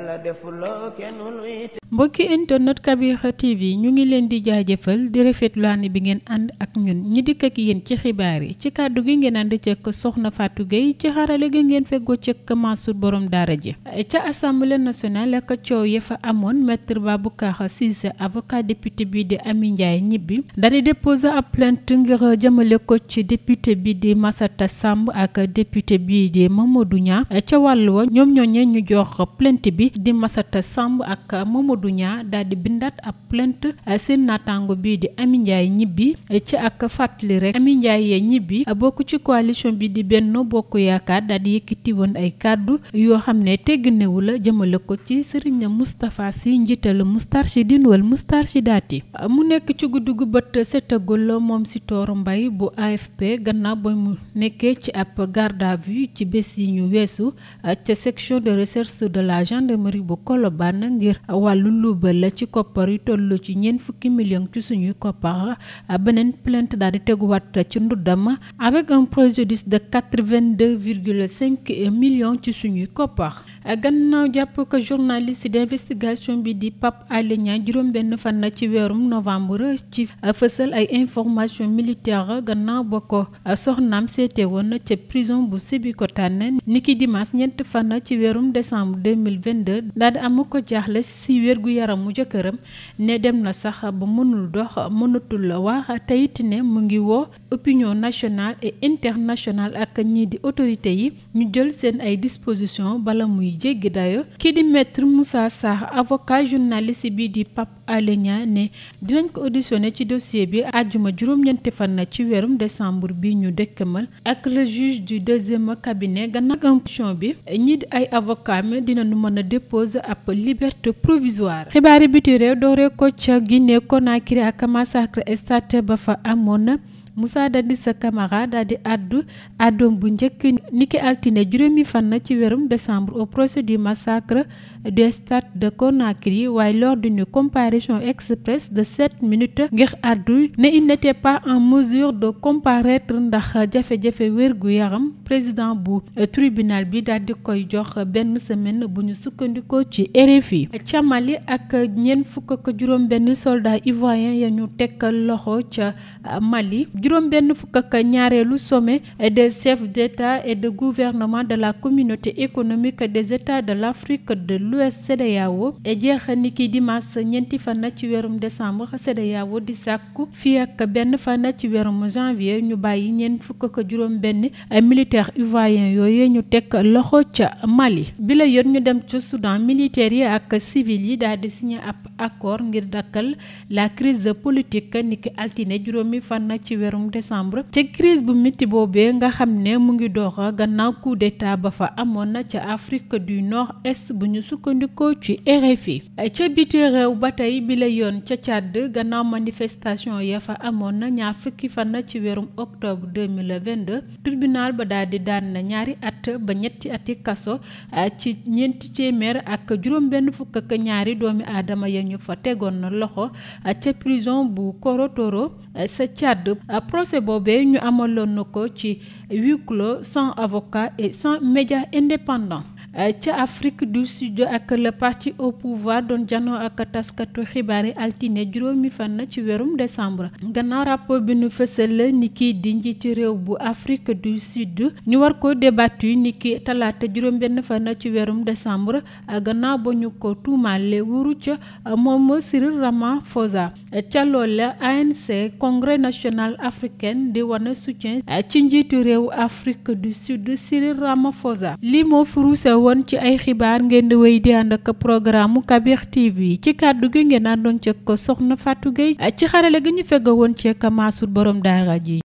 yàlla defuloo mbokki internet Kabir TV ñu ngi leen di jaajëfal di rafetlu ànd bi ngeen ànd ak ñun ñi dikk ak yéen ci xibaar yi ci kàddu gi ngeen ànd cëkk soxna Fatou Gueye ci xarale gi ngeen fegoo cëkk Mansour borom daara ji ca assemblée nationale ak coow ya fa amoon maître Baboucar Cissé avocat député bi di Amy Ndiaye ñibbi daldi déposé ab plainte ngir jëmale ko ci député bi di masata Samb ak député bi di Mamadou Niang ca wàll wa ñoom ñooñee ñu jox plainte bi di Massata Samb ak Mamadou Niang daal di bindaat ab plainte eh, seen naataango bii di Amy ñibbi Gniby eh, ci ak fàttali rek Amy yee ñibbi eh, bokk ci coalition bi di benn Bokk Yaakaar daal yëkkati woon ay kàddu yoo xam ne tegginewu la jëmale ko ci Serigne Moustapha Sy njiital Moustarchidine wal Moustarchidaty mu nekk ci guddi gu bët setagul moom si Sitor mbay bu AFP gannaaw ba mu nekkee ci ab garde à vue ci bés yi ñu weesu ca section de recherche de la gendarmerie gendarmerie bu Colobane ngir wàllu luubal la ci koppar yu toll ci ñeent fukki millions ci suñuy koppar beneen plante daal di teguwaat ci nduddam avec un préjudice de quatre-vingt-deux virgule cinq millions ci suñuy koppar. gannaaw jàpp ko journaliste d'investigation bi di Pape Alé Niang juróom-benn fan ci weerum novembre ci fësal ay information militaire gannaaw ba ko soxnaam seete woon ca prison bu Sébikotane niki dimanche ñeent fan ci weerum décembre 2022 daal di am ko jaaxle si wér gu yaramu këram ne dem na sax ba mënul dox mënatul wax te it ne mu ngi woo opinion nationale et internationale ak ñii di autorité yi ñu jël seen ay disposition bala muy yu jéggi dayo kii di maître Moussa Sarr avocat journaliste bii di Pape Alé Niang ne dinañ ko auditionné ci dossier bi àjjuma juróom ñeente fan na ci weerum décembre bi ñu dëkkamal ak le juge du deuxième cabinet gannaaw audition bi ñi ay avocat mi dinañu mën a déposer ab liberté provisoire xibaari biti réew dooree ko ca Guinée Conakry ak massacre stade ba fa amoon Moussa Dadis sa kamara daal di àddu àddoom bu njëkk niki altine juróomi fanna ci weerum décembre au procès du massacre du stade de Conakry waaye lors d'une comparution express de sept minutes ngir àddu ne il n'était pas en mesure de comparaître ndax jafe-jafe wér gu yaram président bu tribunal bi daal di koy jox benn semaine bu ñu sukkandikoo ci RFI càmmali ak ñeent fukk ak juróom benn soldat ivoirien ya ñu teg loxo ca Mali juróom-benn fukk ak ñaareelu sommet des chefs d'État et de gouvernement de la communauté économique des États de l'Afrique de l'Ouest CEDEAO e jeex ni ki dimanche ñeenti fan ci weerum décembre CEDEAO di sàkku fii ak benn fan ci weerum janvier ñu bàyyi ñeen fukk ak juróom-benn militaire ivoirien yooyu ñu teg loxo ca Mali bila la yoon ñu dem ca Soudan militaires yi ak civil yi daal di signé ab ngir dakkal la crise politique niki altine juróomi fan ci weerum weerum décembre ca crise bu métti boobee nga xam ne mu ngi dox gannaaw coup d'état ba fa amoon na ca Afrique du Nord-Est bu ñu sukkandikoo ci fi ca biti réew ba tey bila yoon ca Tchad gannaaw manifestation ya fa amoon na ñaar fukki fan ci weerum octobre 2022 tribunal ba daal di daan na ñaari att ba ñetti ati kaso ah, ci ñeenti téeméer ak juróom benn fukk ak ñaari doomi aadama ya ñu fa tegoon na loxo ah, ca prison bu Korotoro ah, sa Tchad procès boobe ñu amaloon na ko ci huis clos sans avocat et sans médias indépendants ca Afrique du Sud ak le parti au pouvoir doon janoo ak taskatu xibaar yi altine juróomi fan na ci weerum décembre gannaaw rapport bi nu fësal ni kii di ci réew bu Afrique du Sud ñu war ko débattu ni ki talaate juróom benn fan na ci weerum décembre gannaaw ba ñu ko tuumaale wuru ca moom Cyril Ramaphosa ca loolu la ANC national africain di wane soutien eh, ci njiitu réew Afrique du Sud Cyril Ramaphosa lii moo furuuse woon ci ay xibaar ngeen di wéy di ànd ak programme Kabir TV ci kàddu gi ngeen àndoon ci ko soxna Fatou eh, ci xarale gi ñu fegg woon ci ak Mansour daara ji